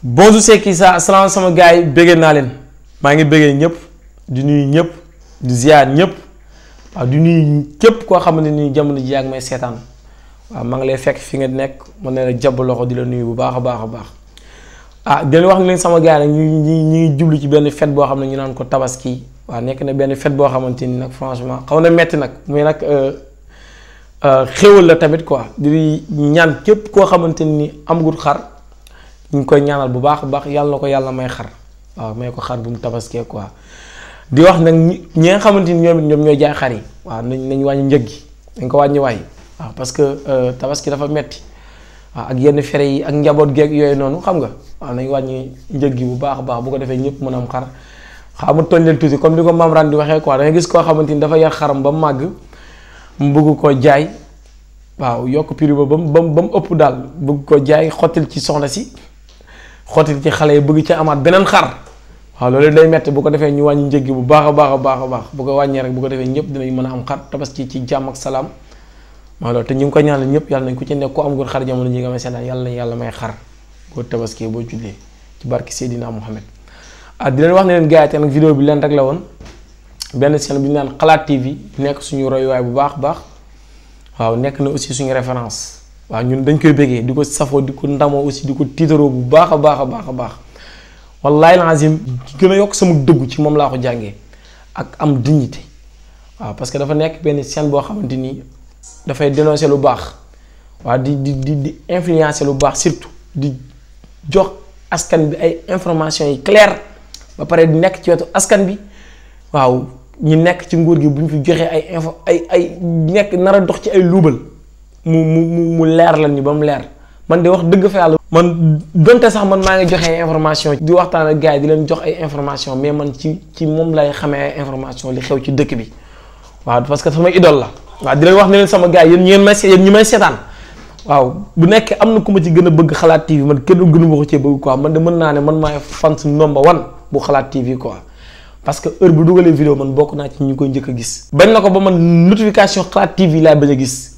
Bonjour c'est qui ça salam sama gaay bëggé na len ma ngi bëggé ñëpp di nuyu ñëpp di ziar ñëpp wa di nuyu képp ko xamné ni jamono ji ak may sétan wa ma ngi lay fekk fi nga nek mo ne jabb loxo di la nuyu bu baaxa baaxa baax ah di wax leen sama gaay nak ñi ñi jublu ci benn fête bo xamné ñu naan ko tabaski wa nek na benn fête bo xamanteni nak franchement xawna metti nak muy nak euh euh xewul la tamit quoi di ñaan képp ko xamanteni am gut xar ñu koy ñaanal bu baax baax yàlla ko yàlla may xar waaw may ko xar bu mu tabaskee quoi di wax nag ñi nga xamante ni ñoom ñoom ñooy jaay xar yi waaw nañ nañ wàññi njëg gi dañ ko wàññi waay waaw parce que euh, tabaski dafa metti waaw ak yenn fere yi ak njaboot geeg yooyu noonu xam nga waaw nañ wàññi njëg gi bu baax baax bu ko defee ñëpp mën am xar xaw ma tooñ leen tuuti comme ni ko maam di waxee quoi da nga gis koo xamante ni dafa yar xaram ba màgg mu bëgg ko jaay waaw yokk prix ba ba mu ba ëpp daal bëgg ko jaay xottil ci soxna si xotti ci xalé yi bëgg ci amaat benen xar wa loolu day metti bu ko defee ñu wañu jéggi gi bu baaxa baaxa baaxa baax bu ko wañé rek bu ko defee ñëpp dinañ mëna am xar tabas ci jamm ak salam maa loolu té ñu ko ñaanal ñëpp yalla nañ ku ci nekk ko am góor xar jamono ñi nga mësé na yalla yalla may xar tabas tabaski bo jullee ci barki sayidina Muhammad a ah, di leen wax ne leen gaay té nak vidéo bi leen rek la won benn chaîne bi ñu naan xalaat TV nekk suñu way bu baax baax waaw nekk na aussi suñu référence wa ñun dañ koy bëggé diko safo diko ndamo aussi diko ko bu baaxa baaxa baaxa baax wallahi lazim gën a yokk sama dëgg ci mom la ko jàngé ak am dignité wa parce que dafa nekk ben scène bo xamanteni da fay dénoncer lu baax wa di di di di influencer lu baax surtout di jox askan bi ay information yi claire ba paré di nekk ci wetu askan bi waaw ñi nekk ci nguur gi buñ fi joxé ay info ay ay nekk nara dox ci ay loubal mu mu mu leer lan ñu ba leer man di wax dëgg fa yàlla. man donte sax man maa ngi joxe information di waxtaan ak gars di leen jox ay information mais man ci ci moom lay xamee ay information li xew ci dëkk bi waaw parce que sama idole la waaw di leen wax ne leen sama gars yéen ñeen may yéen ñi may seetaan waaw bu nekk am na ku ma ci gën a bëgg xalaat TV man kenn gënu ma ko cee bëgg quoi man de mën naa ne man maay fans number one bu xalaat TV quoi parce que heure bu dugalee vidéo man bokk naa ci ñu koy njëkk a gis bañ na ko ba man notification xalaat TV laay bañ a gis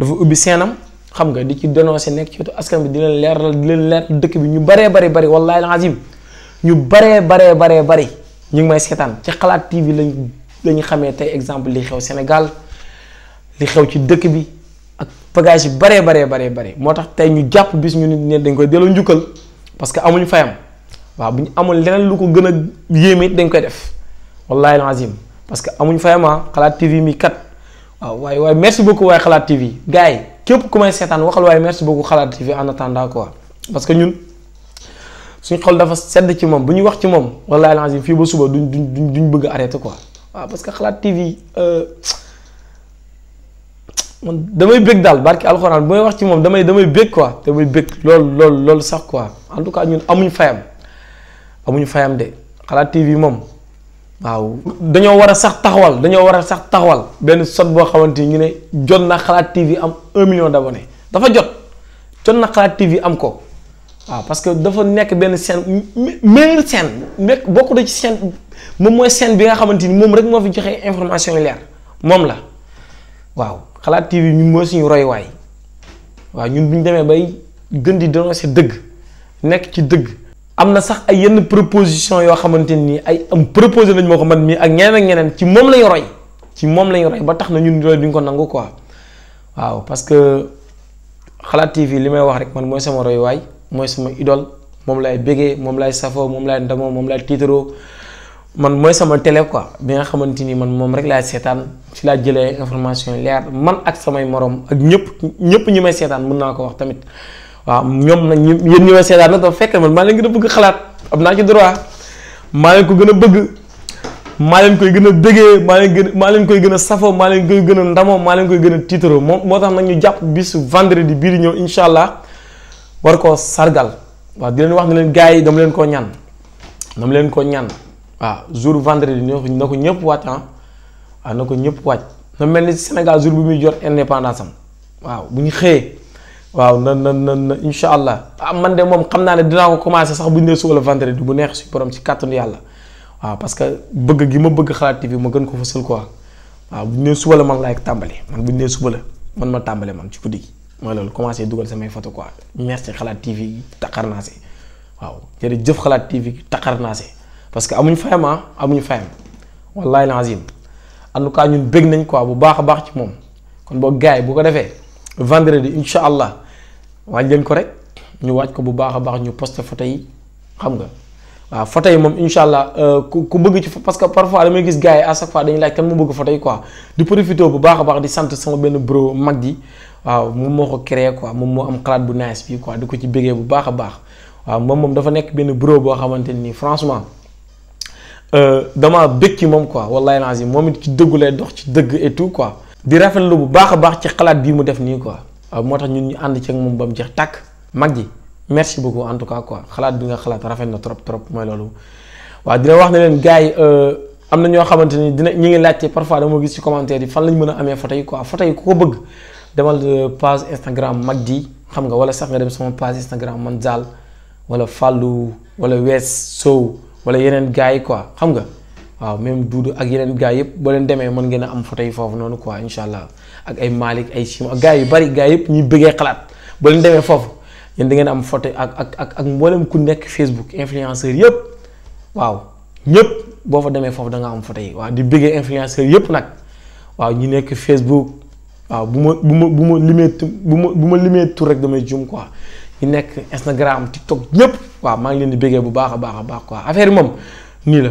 dafa ubbi seenam xam nga di ci dénoncé nekk ci wetu askan bi di leen leeral di leen leer dëkk bi ñu baree bari bari wallaahi lazim ñu baree baree baree bari ñu ngi may seetaan ci xalaat TV lañ lañu xamee tey exemple li xew li xew ci dëkk bi ak bagage yi baree baree baree bari moo tax tey ñu jàpp bis ñu ne dañ koy delloo njukkal parce que amuñ fayam waaw bu ñu amul leneen lu ko gën a yéeme dañ koy def wallaahi lazim parce que amuñ fayama ah. xalaat TV mi kat waaw ah, waay waaye merci beaucoup waay xalaat TV gars yi képp ku may seetaan waxal waay merci beaucoup xalaat TV en attendant quoi parce que ñun suñu xol dafa sedd ci moom bu ñu wax ci moom wallahi lazim fii ba suba duñ duñ duñ bëgg arrêté quoi waaw ah, parce que xalaat TV euh, man damay bëgg daal barki alxuraan bu may wax ci moom damay damay bëgg quoi damay bëgg lool lool lool sax quoi en tout cas ñun amuñ fayam amuñ fayam de xalaat TV moom. waaw dañoo war a sax taxawal dañoo war a sax taxawal benn sot boo xamante ni ñu ne jot na xalaat TV am un million d'abonnés dafa jot jot na xalaat TV am ko waaw parce que dafa nekk benn scène meilleure scène nekk bokk na ci scène moom mooy scène bi nga xamante ni moom rek moo fi joxee information leer moom la waaw xalaat TV ñun mooy suñu roywaay waaw ñun bu ñu demee bay gën di dénoncer dëgg nekk ci dëgg. amna sax ay yenn proposition yo xamanteni ni ay am proposer nañ moko man mi ak ñeneen ak ñeneen ci mom lañ roy ci mom lañ roy ba tax na ñun roy duñ ko nangu quoi waaw parce que xalat TV limay wax rek man moy sama roy way moy sama idole mom lay bégé mom lay safo mom lay ndamo mom lay tiitaroo man moy sama télé quoi bi nga xamanteni man mom rek lay sétane ci la jëlé information lèr man ak samay morom ak ñëpp ñëpp ñi may sétane mëna ko wax tamit waaw ñoom nag ñu yéen ñi ma seetaan nag dafa fekk man maa leen gën a bëgg xalaat am naa ci droit maa leen ko gën a bëgg maa leen koy gën a bëggee maa leen maa leen koy gën a safoo maa leen koy gën a ndamoo maa leen koy gën a tiitaroo moom moo tax nag ñu jàpp bisu vendredi bii di ñëw incha allah war koo sargal waa di leen wax ne leen gars yi dama leen koo ñan dama leen koo ñaan waaw jour vendredi na ko ñëpp wàcc ah waaw na ko ñëpp wàcc mel ni Sénégal jour bi muy jot indépendance am waaw bu ñu waaw na na na na incha allah ah man de moom xam naa ne dinaa ko commencé sax bu ñu nee suba la vendredi bu neex si borom si kàttanu yàlla waaw parce que bëgg gi ma bëgg xalaat TV ma gën ko fësal quoi waaw bu ñu nee suba la man laay tàmbali man bu ñu nee suba la man ma tàmbale man ci guddi gi mooy loolu commencé dugal samay photo quoi merci xalaat TV taxar naa si waaw jëf xalaat TV taxar naa si parce que amuñu fayam ah amuñu fayam wallaahi lazim en tout cas ñun bëgg nañ quoi bu baax a baax ci moom kon boo gars yi bu ko defee vendredi incha allah. waaj leen ko rek ñu waaj ko bu baax a baax ñu poste photo yi xam nga waaw photo yi moom incha allah euh, ku ku bëgg ci parce que parfois damay gis gars yi à chaque fois dañuy laaj kan mu bëgg photo yi quoi di profité bu baax a baax di sant sama benn bro mag ji waaw moom moo ko créé quoi moom moo am xalaat bu nice bi quoi di ko ci bëggee bu baax a baax waaw moom moom dafa nekk benn bro boo xamante ni franchement euh, damaa bëgg ci moom quoi wallahi naa si moom it ci dëggu lay dox ci dëgg et tout quoi. di rafetlu bu baax baax ci xalaat bii mu def nii quoi. Euh, moo tax ñun ñu ànd ci moom ba mu jeex tàkk mag ji merci beaucoup en tout cas quoi xalaat bi nga xalaat rafet na trop trop mooy loolu waaw dina wax ne leen gars yi euh, am na ñoo xamante ni dina ñu ngi laajte parfois dama gis ci commentaire yi fan lañ mën a amee photo yi quoi photo yi ku ko bëgg demal euh, page Instagram mag ji xam nga wala sax nga dem sama page Instagram man Zal wala Fallou wala Wees Sow wala yeneen gars yi quoi xam nga. waaw même Doudou ak yeneen gars yëpp boo leen demee mën ngeen a am photo yi foofu noonu quoi incha allah ak ay Malick ay Chima ak gars yu bari gaa yëpp ñuy bëggee xalaat boo leen demee foofu yéen da ngeen am photo ak ak ak ak mboolem ku nekk Facebook influenceur yëpp waaw ñëpp boo fa demee foofu da nga am photo yi waaw di bëggee influenceur yëpp nag waaw ñi nekk Facebook waaw bu ma bu ma bu ma limee bu ma bu ma limee tur rek damay jum quoi. ñu nekk Instagram TikTok ñëpp waaw maa ngi leen di bëggee bu baax a a baax quoi affaire moom nii la.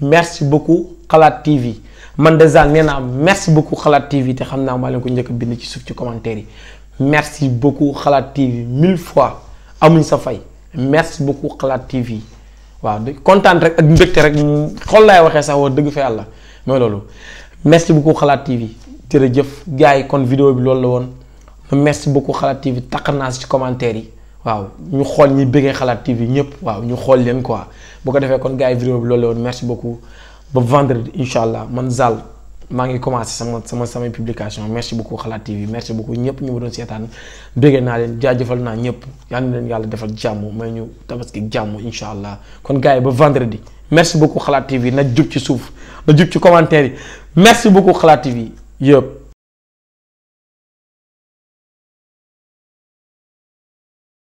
merci beaucoup Khalat TV man dèjà Nena, merci beaucoup Khalat TV te xam naa maa leen ko njëkk a bind ci suuf ci commentaire yi merci beaucoup Khalat TV mille fois amuñ sa fay merci beaucoup Khalat TV waaw kontaan rek ak mbégte rek xool laay waxee sax wax dëgg fa yàlla mooy loolu merci beaucoup Khalat TV jërëjëf gars yi kon vidéo bi loolu la woon merci beaucoup Khalat TV taq ci commentaire yi. waaw ñu xool ñi bëggee xalaat TV ñëpp waaw ñu xool leen quoi bu ko defee kon gars yi vidéo bi loolu woon merci beaucoup ba vendredi incha allah man Zal maa ngi commencé sama sama samay publication merci beaucoup xalaat TV merci beaucoup ñëpp ñu ma doon seetaan bëggee naa leen jaaj jaajëfal naa ñëpp yal na leen yàlla defal jàmm may ñu tabaski jàmm incha allah kon gars yi ba vendredi merci beaucoup xalaat TV na jub ci suuf na jub ci commentaire yi merci beaucoup xalaat TV yëpp.